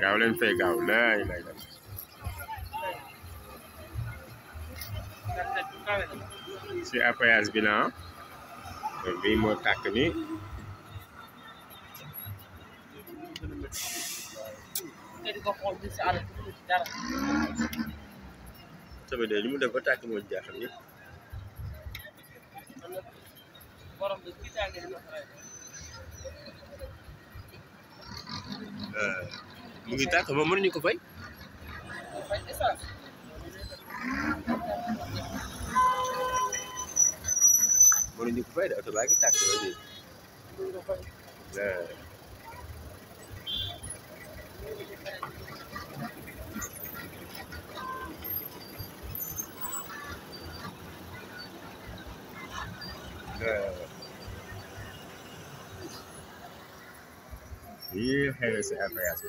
gaaw leen fay gaaw laay laay laay si apayage bi naa bi moo tàkk ni sobe de li mu def ba tàkk moo jaaxal ñëpp euh. mu ngi tàkk ba mënuñu ko fay. mënuñu ko fay de oto baa ngi tàkk ba léegi. yii xëy na si affaire yi